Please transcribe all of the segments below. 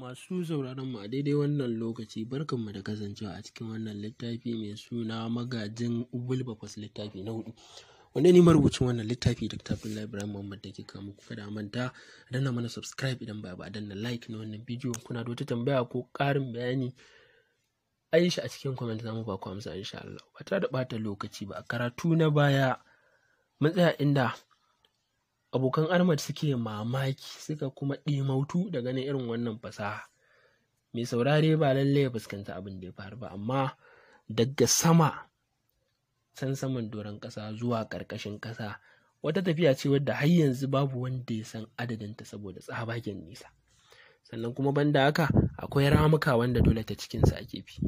Masu sauraron mu a daidai wannan lokaci barkan mu da kasancewa a cikin wannan littafi mai suna magajin Wilberforce littafi na hudu. Wanda ni marubucin wannan littafi da Abdullahi Ibrahim Muhammad da ke kuka kada manta danna mana subscribe idan ba ba danna like na wannan bidiyo kuna da wata tambaya ko karin bayani aisha a cikin comment zamu ba ku amsa insha Allah ba tare da bata lokaci ba a karatu na baya mun tsaya inda abokan armad suke mamaki suka kuma ɗimautu da ganin irin wannan fasaha mai saurare ba lalle ya fuskanta abin da ya faru ba amma daga sama can saman doron ƙasa zuwa ƙarƙashin ƙasa wata tafiya ce wadda har yanzu babu wanda ya san adadin ta saboda tsabagen nisa sannan kuma banda haka akwai ramuka wanda dole ta cikinsa ake fi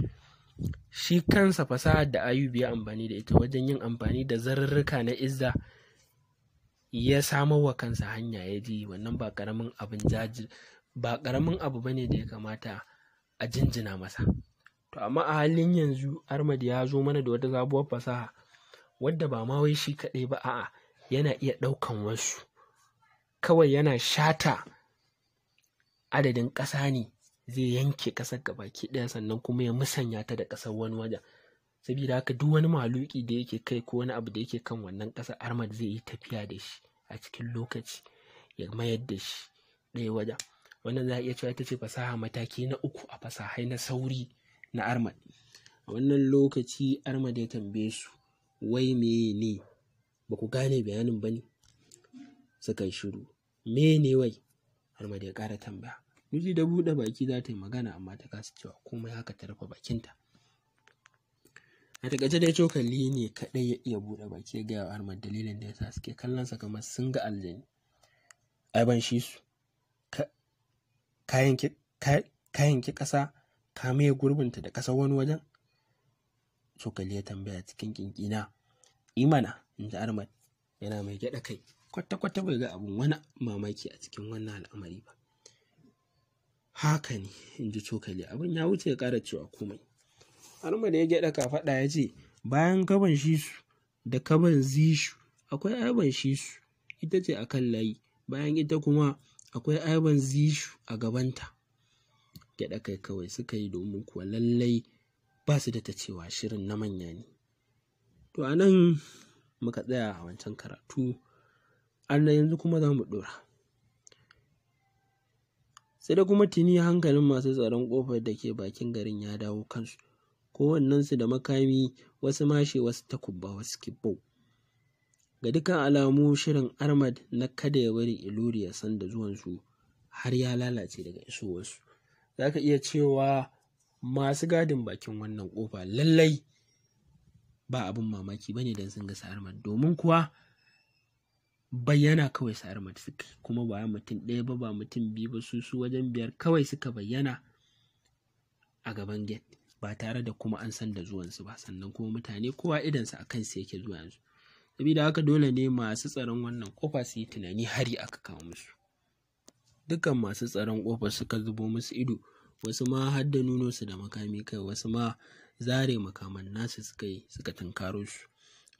shi kansa fasahar da ayubi ya amfani da ita wajen yin amfani da zarurruka na izza ya samo wa kansa hanya ya ji wannan ba ƙaramin abin jaji ba karamin abu bane da ya kamata a jinjina masa to amma a halin yanzu armadi ya zo mana da wata sabuwar fasaha wadda ba ma wai shi kaɗai ba a'a yana iya ɗaukan wasu kawai yana shata adadin ƙasa ne zai yanke ƙasar gabaki ɗaya sannan kuma ya musanya ta da ƙasar wani wajen saboda haka duk wani mahaluki da yake kai ko wani abu da yake kan wannan ƙasa armad zai yi tafiya da shi a cikin lokaci ya mayar da shi ɗaya wajen wannan za a iya cewa ita ce fasaha mataki na uku a fasahai na sauri na armad a wannan lokaci armad ya tambaye su wai meye ne ba ku gane bayanin ba ne suka yi shiru me ne wai armad ya ƙara tambaya Nuzi da buɗe baki za ta yi magana amma ta kasa cewa komai haka ta rufe bakinta a takaice dai cokali ne kaɗai ya iya buɗe baki ya gaya wa ahmad dalilin da ya sa suke kallonsa kamar sun ga aljani ai ban shi su kayan ki ƙasa ka maye gurbinta da ƙasar wani wajen cokali ya tambaya cikin kinkina imana in ji ahmad yana mai gyaɗa kai kwata-kwata bai ga abun wani mamaki a cikin wannan al'amari ba haka ne in ji cokali abin ya wuce ya ƙara cewa komai Haruna da ya gyaɗa kafaɗa ya ce, bayan Kaban Shisu da Kaban su, akwai Aiban Shisu, ita ce a kan layi, bayan ita kuma akwai Aiban su a gabanta. Gyaɗa kai kawai suka yi domin kuwa lallai ba su da ta cewa shirin na manya ne. To a nan muka tsaya a wancan karatu, an yanzu kuma za mu ɗora. sai da kuma tuni hankalin masu tsaron ƙofar da ke bakin garin ya dawo kansu kowannensu da makami wasu mashe wasu takubba wasu kibbo ga dukkan alamu shirin armad na kada ya bari iluri ya san da zuwansu har ya lalace daga isowarsu za ka iya cewa masu gadin bakin wannan kofa lallai ba abin mamaki bane don sun ga sa'armar, domin kuwa bayyana kawai sa'armar suka kuma ba mutum ɗaya ba ba mutum biyu ba su su wajen biyar kawai suka bayyana a gaban gate ba tare da kuma an san da zuwansu ba sannan kuma mutane kowa idansa a kansu yake zuwa yanzu sabida haka dole ne masu tsaron wannan kofa su yi tunani hari aka kawo musu dukkan masu tsaron kofa suka zubo musu ido wasu ma har da nuno su da makami kai wasu ma zare makaman nasu suka yi suka tunkaro su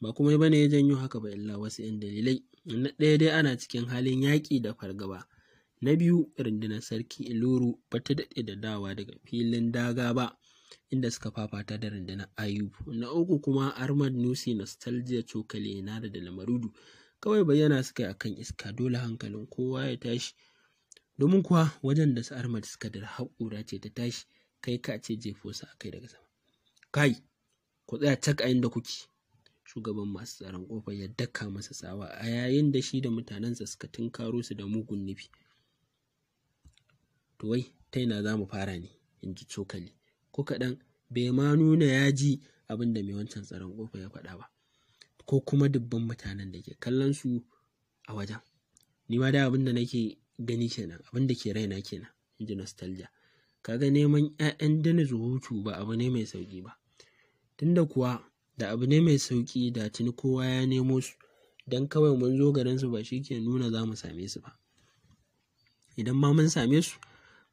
ba kuma ba ne ya janyo haka ba illa wasu 'yan dalilai na ɗaya dai ana cikin halin yaƙi da fargaba na biyu rundunar sarki iluru ba ta daɗe da dawa daga filin daga ba inda suka fafata da rundunar ayub Na uku kuma armad Nusi Nostalgia cokali na da Lamarudu. Kawai bayyana suka yi akan iska dole hankalin kowa ya tashi. Domin kuwa wajen da su armad suka da haƙura ce ta tashi kai ka ce jefo su akai daga sama. Kai, ku tsaya cak a inda kuke. Shugaban masu tsaron kofar ya daka masa tsawa a yayin da shi da mutanensa suka tunkaro su da mugun nufi. To wai ta ina za mu fara ne? in ji cokali. ko kaɗan bai ma nuna ya ji abin da mai wancan tsaron kofa ya faɗa ba ko kuma dubban mutanen da ke kallon su a wajen ni ma da abin da nake gani kenan abin da ke raina kenan in ji nostalgia kaga neman 'ya'yan dana zuhutu ba abu ne mai sauki ba tunda kuwa da abu ne mai sauki da tuni kowa ya nemo su dan kawai mun zo garin su ba shi ke nuna za mu same su ba idan ma mun same su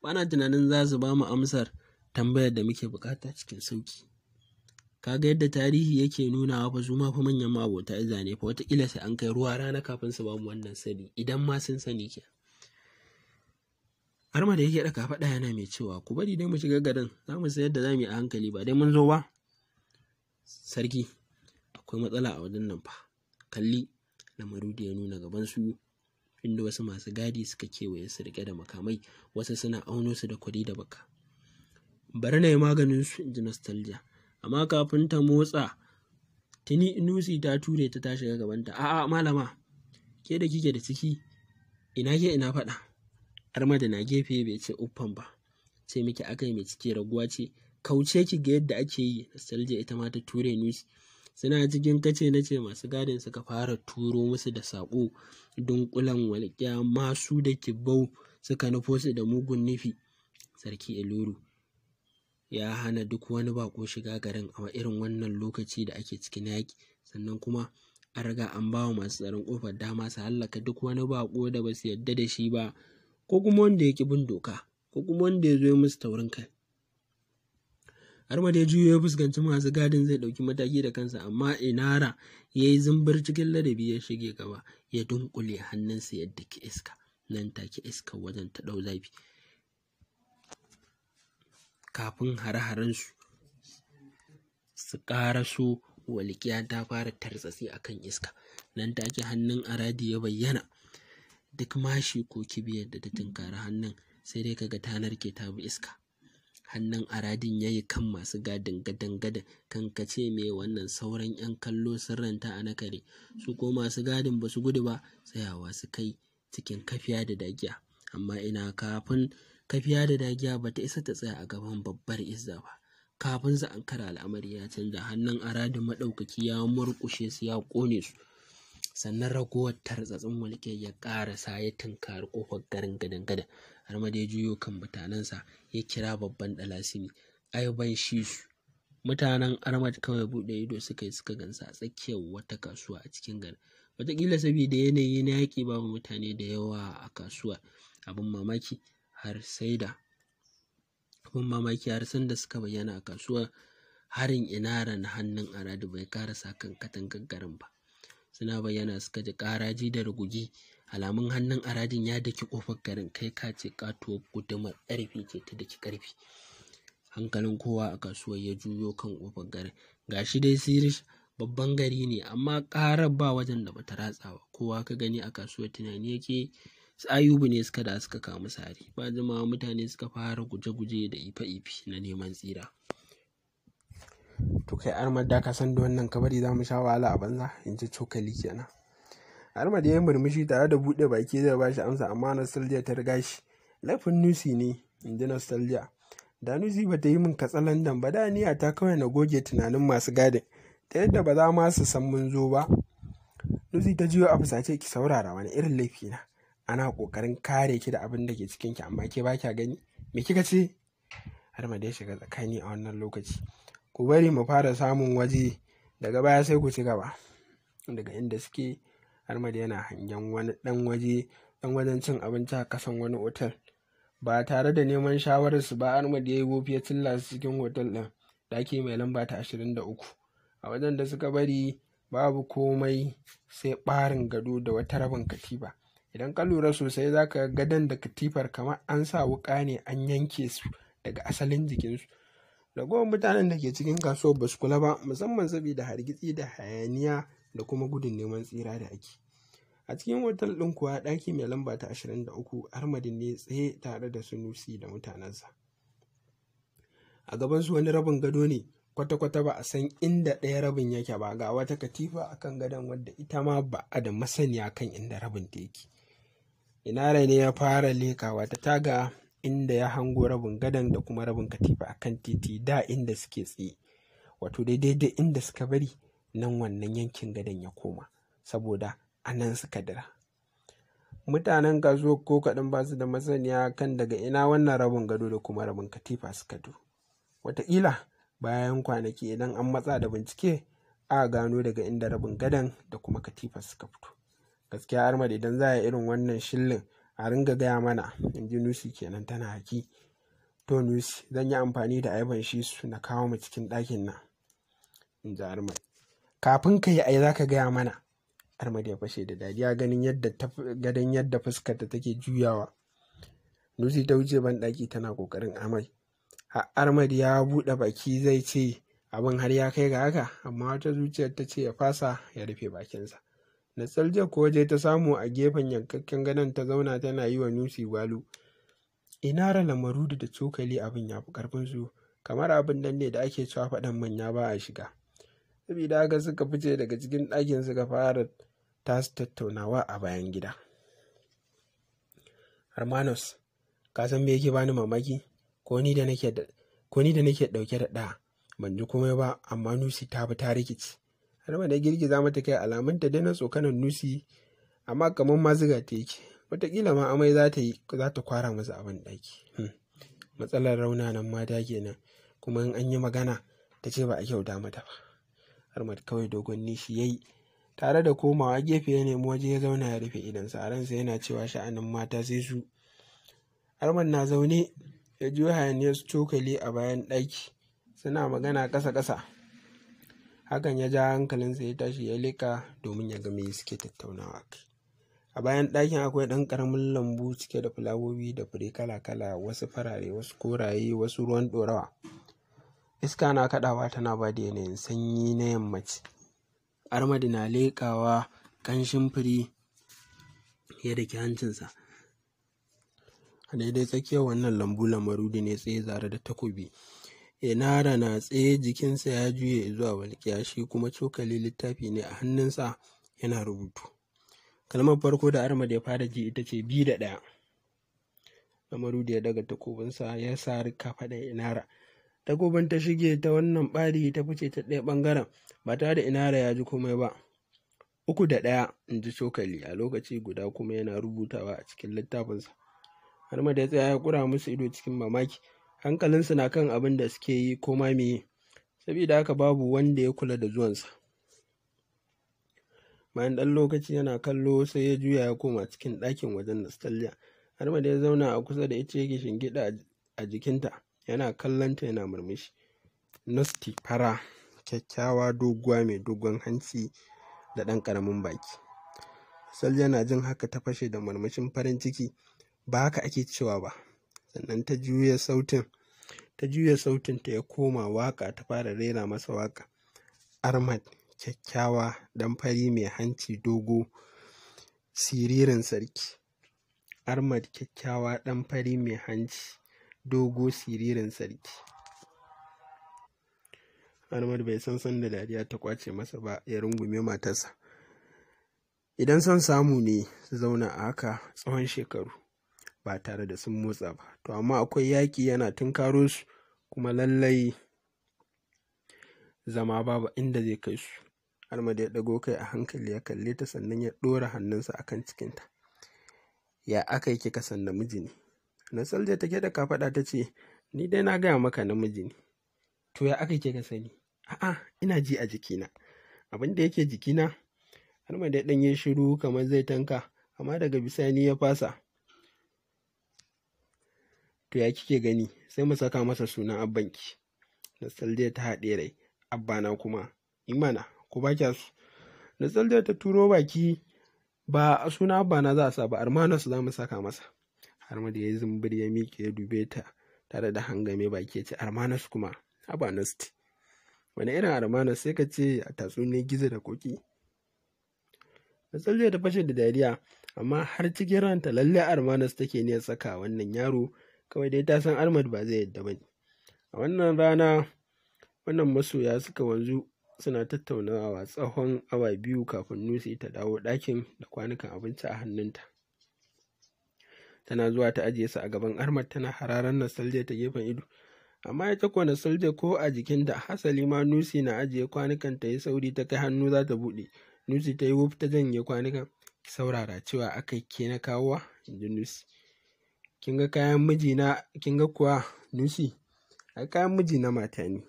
bana tunanin za su ba mu amsar tambayar da muke bukata cikin sauki kaga yadda tarihi yake nunawa fa zuma fa manyan mabota iza ne fa wataƙila sai an kai ruwa rana kafin su bamu wannan sani idan ma sun sani ke har ma da yake ɗaka faɗa yana mai cewa ku bari dai mu shiga garin za mu sayar da za mu yi a hankali ba dai mun zo ba sarki akwai matsala a wajen nan fa kalli lamaru da ya nuna gaban su inda wasu masu gadi suka kewaye su rike da makamai wasu suna auno su da kwari da baka bari na yi maganin su in ji nostalgia amma kafin ta motsa tuni Nusi ta ture ta tashi ga gabanta a malama ke da kike da ciki ina ke ina faɗa armada na gefe bai ce uffan ba ce miki akai mai ciki raguwa ce kauce ki ga yadda ake yi nostalgia ita ma ta ture nusi suna cikin kace na ce masu gadin suka fara turo musu da saƙo dunkulan walƙiya masu da kibau suka nufo su da mugun nufi sarki eluru ya hana duk wani baƙo shiga garin a irin wannan lokaci da ake cikin yaƙi sannan kuma an riga an ba wa masu tsaron ƙofar dama su hallaka duk wani baƙo da ba su yarda da shi ba ko kuma wanda ya ki bin doka ko kuma wanda ya zo ya musu taurin kai har ma dai juyo ya fuskanci masu gadin zai ɗauki mataki da kansa amma inara ya yi zumbir cikin ladabi ya shige gaba ya dunƙule hannunsa yadda ke iska nan take iska wajen ta ɗau zafi kafin hare-harensu su ƙaraso walƙiya ta fara tartsatsi a kan iska nan da ake hannun aradi ya bayyana duk mashi ko kibiyar da ta tunkari hannun sai dai kaga tanar ke ta bi iska hannun aradin ya yi kan masu gadin gadan kan ka ce me wannan sauran yan kallo sun ranta a nakare su ko masu gadin ba su gudu ba tsayawa su kai cikin kafiya da dagiya amma ina kafin kafiya da dagiya ba ta isa ta tsaya a gaban babbar izza ba kafin za kara al'amari ya canza hannun aradin maɗaukaki ya murƙushe su ya ƙone su sannan ragowar tarzatsin mulki ya sa ya tunkar ƙofar garin gadan gadan har ma dai juyo kan mutanensa ya kira babban dalasini ai ban shi su mutanen armad kawai buɗe ido suka yi suka gansa a tsakiyar wata kasuwa a cikin garin wataƙila saboda yanayi na yaƙi babu mutane da yawa a kasuwa abin mamaki har sai da abin mamaki har sanda suka bayyana a kasuwa harin ina na hannun aradu bai karasa kan katangar garin ba suna bayyana suka ji karaji da rugugi alamun hannun aradin ya daki kofar garin kai ka ce katuwar gudumar ƙarfi ce ta daki ƙarfi hankalin kowa a kasuwar ya juyo kan kofar garin ga shi dai sirish babban gari ne amma ƙarar ba wajen da bata ratsawa, kowa ka gani a kasuwar tunani yake Ayubu ne suka da suka kamu sare, ba jimawa mutane suka fara guje-guje da ife ifi na neman tsira to kai armar da ka san da wannan kabari za mu sha wahala a banza in ji cokali kenan armar ya yi murmushi tare da buɗe baki zai ba shi amsa amma nostalgia ta riga shi laifin nusi ne in ji nostalgia da nusi ba ta yi min katsalandan ba da niyya ta kawai na goge tunanin masu gadin ta yadda ba za ma su san mun zo ba nusi ta jiyo a fusace ki saurara wani irin laifi na ana kokarin kare ki da abin da ke cikin ki amma ke ba kya gani me kika ce har ma dai shiga tsakani a wannan lokaci ku bari mu fara samun waje daga baya sai ku ci gaba daga inda suke har ma yana hangen wani dan waje dan wajen cin abinci a kasan wani otal ba tare da neman shawararsu ba har ma ya yi wofi tilla su cikin otal din ɗaki mai lamba ta ashirin da a wajen da suka bari babu komai sai barin gado da wata rabin katiba idan ka lura sosai za ka gadon da katifar kamar an sa wuka ne an yanke su daga asalin jikinsu Da goma mutanen da ke cikin kasuwar ba su kula ba musamman saboda hargitsi da hayaniya da kuma gudun neman tsira da ake a cikin otal ɗin kuwa ɗaki mai lamba ta 23 armadin ne tsaye tare da sunusi da mutanensa a gabansu wani rabin gado ne kwata-kwata ba a san inda ɗaya rabin yake ba ga wata katifa akan gadon wadda ita ma ba a da masaniya kan inda rabin ta yake Ina ne ya fara lekawa ta taga inda ya hango rabin gadan da kuma rabin katifa akan titi da inda suke tsaye wato daidai da inda suka bari nan wannan yankin gadan ya koma saboda a nan suka dira mutanen kasuwar ko kaɗan ba su da masaniya kan daga ina wannan rabin gado da kuma rabin katifa suka do wataƙila bayan kwanaki idan an matsa da bincike a gano daga inda rabin gadan da kuma katifa suka fito gaskiya Ahmad idan za a yi irin wannan shillin a ringa gaya mana in ji Nusi kenan tana haki to Nusi zan yi amfani da ayaban shi su na kawo mu cikin ɗakin nan in ji Ahmad kafin ka yi ai za ka gaya mana Ahmad ya fashe da dariya ganin yadda gadon yadda fuskar ta take juyawa Nusi ta wuce ban ɗaki tana kokarin amai Ahmad ya buɗe baki zai ce abin har ya kai ga haka amma wata zuciyar ta ce ya fasa ya rufe bakinsa Natsalja kuwa je ta samu a gefen yankakken gadon ta zauna tana yi wa Nusi ina Inara lamaru da cokali abin ya fi ƙarfinsu, kamar abin nan ne da ake cewa faɗan manya ba a shiga. Saboda haka suka fice daga cikin ɗakin suka fara tasu tattaunawa a bayan gida. Hermanos, ka san me yake bani mamaki? Ko ni da nake ɗauke da ɗa, ban ji komai ba, amma Nusi ta bi ta rikici. Halima da girgiza mata kai alamunta dai na tsokanan Nusi amma kamar ma ziga ta yake wataƙila ma amai za ta yi za ta kwara masa abin ɗaki hmm. matsalar rauna nan mata kenan kuma in an yi magana ta ce ba a kyauta mata ba Ahmad kawai dogon nishi ya yi tare da komawa gefe ya nemi waje ya zauna ya rufe idan sa ransa yana cewa sha'anin mata sai su Ahmad na zaune ya juya hayaniyar cokali a bayan ɗaki suna magana ƙasa-ƙasa hakan ya ja hankalinsa ya tashi ya leka domin ya ga me suke tattaunawa kai a bayan ɗakin akwai ɗan ƙaramin lambu cike da fulawowi da fure kala-kala wasu farare wasu koraye wasu ruwan ɗorawa iska na kaɗawa tana ba da yanayin sanyi na yammaci armadi na leƙawa ƙanshin fure ya ke hancinsa a daidai tsakiyar wannan lambu lamarudi ne tsaye zare da takobi inara eh, na tsaye jikinsa ya juye zuwa walƙiya shi kuma cokali littafi ne a hannunsa yana rubutu. Kalmar farko da Ahmad ya fara ji ita ce bi da ɗaya. da ya daga takobinsa ya rika faɗa inara Takobin ta shige ta wannan ɓari ta fice ta ɗaya ɓangaren ba tare da inara ya ji komai ba. Uku da ɗaya in ji cokali a lokaci guda kuma yana rubutawa a cikin littafinsa. armad ya tsaya ya kura musu ido cikin mamaki. hankalinsu na kan abin da suke yi ko ma yi saboda haka babu wanda ya kula da zuwansa bayan ɗan lokaci yana kallo sai ya juya ya koma cikin ɗakin wajen nostalgia har ma da ya zauna a kusa da ita yake shingiɗa a jikinta yana kallonta yana murmushi nosti fara kyakkyawa doguwa mai dogon hanci da ɗan ƙaramin baki nostalgia na jin haka ta fashe da murmushin farin ciki ba haka ake cewa ba sannan ta juya sautin ta juya sautin ta ya koma waka ta fara rera masa waka armad kyakkyawa dan fari mai hanci dogo siririn sarki armad kyakkyawa dan fari mai hanci dogo siririn sarki armad bai san sanda dariya ta kwace masa ba ya rungume matarsa idan son samu ne su zauna a haka tsawon shekaru ba tare da sun motsa ba to amma akwai yaki yana tunkaro su kuma lallai zama babu inda zai kai su har ya ɗago kai a hankali ya kalle ta sannan ya ɗora hannunsa a kan cikinta ya aka yi kika san namiji ne nasal ta take da kafaɗa ta ce ni dai na gaya maka namiji ne to ya aka yi kika sani a'a ina ji a jikina abin da yake jikina har ma da ya ɗanye shiru kamar zai tanka amma daga bisani ya fasa to ya kike gani sai mu saka masa sunan abbanki nasaldiya ta haɗe rai abbana kuma imana ko ba kya su nasaldiya ta turo baki ba a suna abbana za a sa ba armanus za mu saka masa har da ya zumbir ya miƙe ya dube ta tare da hangame baki ya ce armanus kuma abanus wani irin armanus sai ka ce a tatsuniyar gizo da koki nasaldiya ta fashe da dariya amma har cikin ranta lalle armanus take ya saka wannan yaro kawai dai ta san Ahmad ba zai yadda ba ne. A wannan rana wannan masoya suka wanzu suna tattaunawa tsawon awa biyu kafin Nusi ta dawo ɗakin da kwanukan abinci a hannunta. Tana zuwa ta ajiye su a gaban Ahmad tana hararan Nasalja ta gefen ido. Amma ita kuwa Nasalja ko a jikin da hasali ma Nusi na ajiye kwanukan ta yi sauri ta kai hannu za ta buɗe. Nusi ta yi wuf ta janye kwanukan. saurara cewa aka ke na kawowa, in ji Nusi. kin ga kayan mijina kin ga kuwa nusi ai kayan miji na mata ne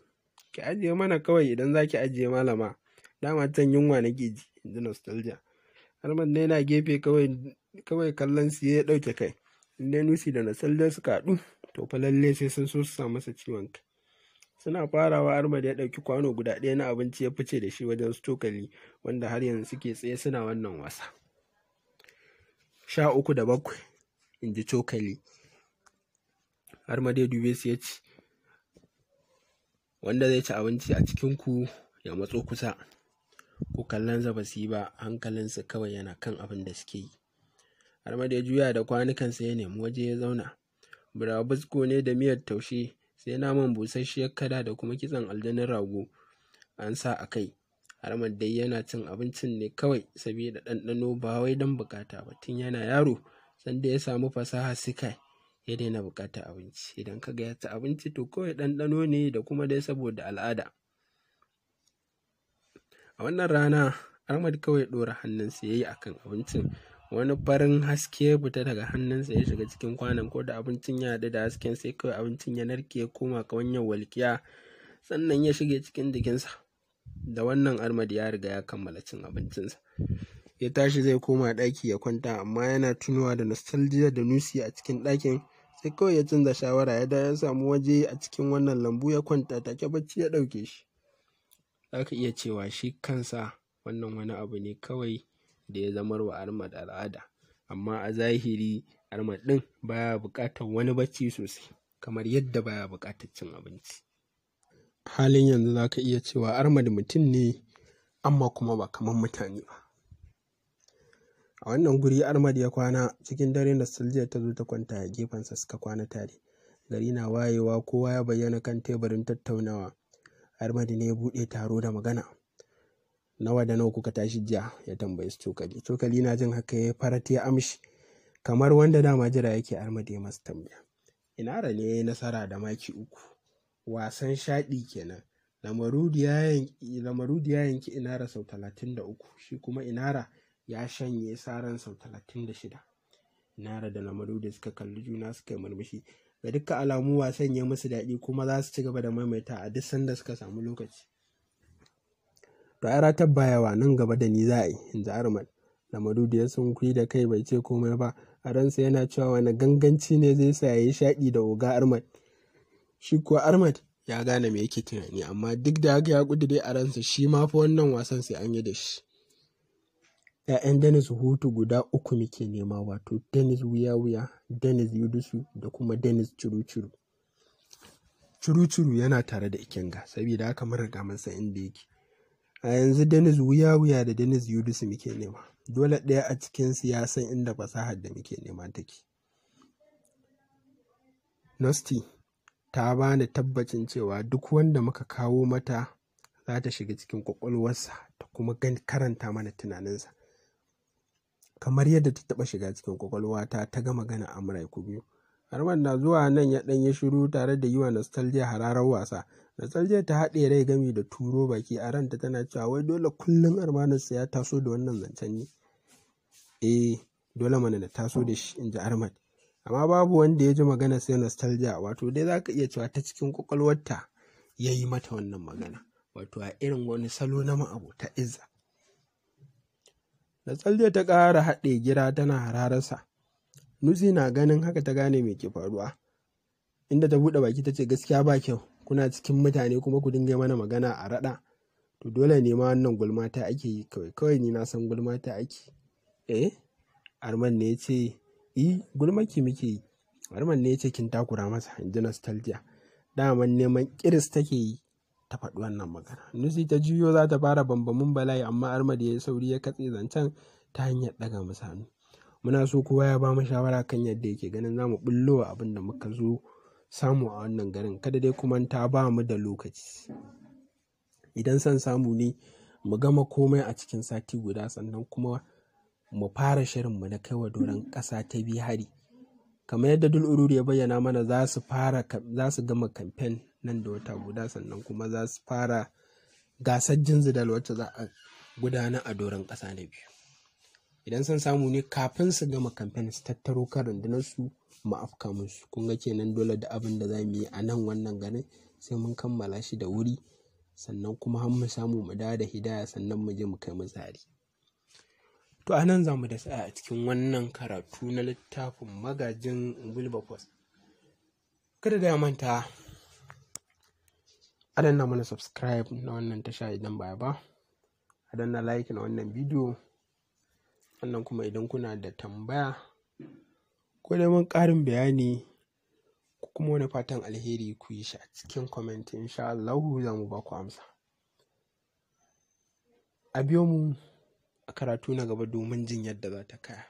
ki ajiye mana kawai idan za ki ajiye malama dama can yunwa na ji inji nostalgia harman na gefe kawai kallon su ya ɗauke kai inda nusi da nostalgia suka haɗu to fa lalle sai sun so su sa masa ciwon kai suna farawa armad ya ɗauki kwano guda ɗaya na abinci ya fice da shi wajen stokali wanda har yanzu suke tsaye suna wannan wasa sha uku da bakwai in ji cokali har ma dai dubes ya ce wanda zai ci abinci a cikinku ya matso kusa Ku kallonsa ba su yi ba hankalinsu kawai yana kan abin da suke yi har ma da ya juya da kwanukansa ya nemi waje ya zauna burabusko ne da miyar taushe sai naman busasshiyar kada da kuma kitson aljanin rago an sa a kai har dai yana cin abincin ne kawai sabida ɗanɗano ba wai don bukata ba tun yana yaro sanda ya samu fasaha sika ya daina bukata abinci idan ka gaya ya abinci to kawai ɗanɗano ne da kuma dai saboda al'ada a wannan rana ahmad kawai ɗora hannunsa ya yi kan abincin wani farin haske ya fita daga hannunsa ya shiga cikin kwanan ko da abincin ya haɗu da hasken sai kawai abincin ya narke ya koma wanyan walƙiya sannan ya shige cikin jikinsa da wannan armad ya riga ya kammala cin abincinsa ya tashi zai koma ɗaki ya kwanta amma yana tunuwa da nostalgia da nusi a cikin ɗakin sai kawai ya canza shawara ya da ya samu waje a cikin wannan lambu ya kwanta take bacci ya ɗauke shi zaka iya cewa shi kansa wannan wani abu ne kawai da ya zamar wa armad al'ada amma a zahiri armad ɗin baya buƙatar wani bacci sosai kamar yadda baya buƙatar cin abinci halin yanzu za ka iya cewa armad mutum ne amma kuma ba kamar mutane ba A wannan guri Ahmad ya kwana cikin dare da ta zo ta kwanta a sa suka kwana tare. Gari na wayewa kowa ya bayyana kan teburin tattaunawa. Ahmad ne ya buɗe taro da magana. Nawa da nawa kuka tashi jiya ya tambayi cokali. Cokali na jin haka ya farat ya amshi kamar wanda dama jira yake Ahmad ya masa tambaya. Inara ne ya yi nasara da maki uku. Wasan shaɗi kenan. Lamarudi ya yanki Inara sau talatin da uku shi kuma Inara ya shanye saran sau 36 nara da namadu da suka kalli juna suka yi murmushi ga duka alamu wasan ya musu daɗi kuma za su ci gaba da maimaita a duk sanda suka samu lokaci to ai ratar bayawa nan gaba da ni za a yi in ji arman namadu da ya kuyi da kai bai ce komai ba a ransa yana cewa wani ganganci ne zai sa ya yi shaɗi da oga armad shi kuwa armad ya gane me yake tunani amma duk da haka ya ƙudure a ransa shi ma fa wannan wasan sai an yi da shi 'ya'yan Dennis Hutu guda uku muke nema wato Dennis Wuya Wuya, Dennis Yudusu da kuma Dennis curucuru. Curucuru yana tare da Ikenga saboda haka mun riga mun san inda yake. A yanzu Dennis Wuya Wuya da Dennis Yudusu muke nema. Dole ɗaya a cikin su ya san inda fasahar da muke nema take. Nosti ta bani tabbacin cewa duk wanda muka kawo mata za ta shiga cikin kwakwalwarsa ta kuma karanta mana tunaninsa kamar yadda ta taɓa shiga cikin kwakwalwata ta ga magana amurai ku biyu harman na zuwa nan ya ɗanye shiru tare da yiwa wa nostalgia hararar wasa nostalgia ta haɗe rai gami da turo baki a ranta tana cewa wai dole kullum armanarsa ya taso da wannan zancen ne eh dole mana na taso da shi in ji armad amma babu wanda ya ji magana sai nostalgia wato dai zaka iya cewa ta cikin kwakwalwarta ya yi mata wannan magana wato a irin wani salo na ma'abota izza da tsalle ta ƙara haɗe gira tana hararsa nutsi na ganin haka ta gane mai ke faruwa inda ta buɗe baki ta ce gaskiya ba kyau kuna cikin mutane kuma ku dinga mana magana a raɗa to dole ne ma wannan gulma ta ake yi kawai kawai ni na san gulma ta ake eh arman ne ya ce i eh, gulmaki muke yi arman ne ce kin takura masa in ji nostalgia daman neman kiris take yi ta faɗi wannan magana nusi ta juyo za ta fara bambamin bala'i amma armad ya yi sauri ya katse zancen ta hanyar ɗaga masa muna so kowa ya ba mu shawara kan yadda yake ganin za mu ɓullo abin da muka zo samu a wannan garin kada dai kuma ta ba mu da lokaci idan son samu ne mu gama komai a cikin sati guda sannan kuma mu fara shirin mu na kai wa doron ƙasa ta biyu hari kamar yadda dul ururu ya bayyana mana za su gama kamfen nan da wata guda sannan kuma za su fara gasar jinzidal wacce za a gudana a doron kasa na biyu idan sun samu ne kafin su gama kamfen su tattaro kan rundunarsu mu afka musu kun ga kenan dole da abin da za mu yi a nan wannan garin sai mun kammala shi da wuri sannan kuma har mu samu mu dawo da hidaya sannan mu je mu kai mu tsari to a nan za mu da sa'a a cikin wannan karatu na littafin magajin Wilberforce, kada da manta a danna mana subscribe na wannan tasha idan ba ba a danna like na wannan bidiyo wannan kuma idan kuna da tambaya ko neman karin bayani ko kuma wani fatan alheri ku yi shi a cikin comment insha Allah za mu ba ku amsa a biyo mu a karatu na gaba domin jin yadda za ta kaya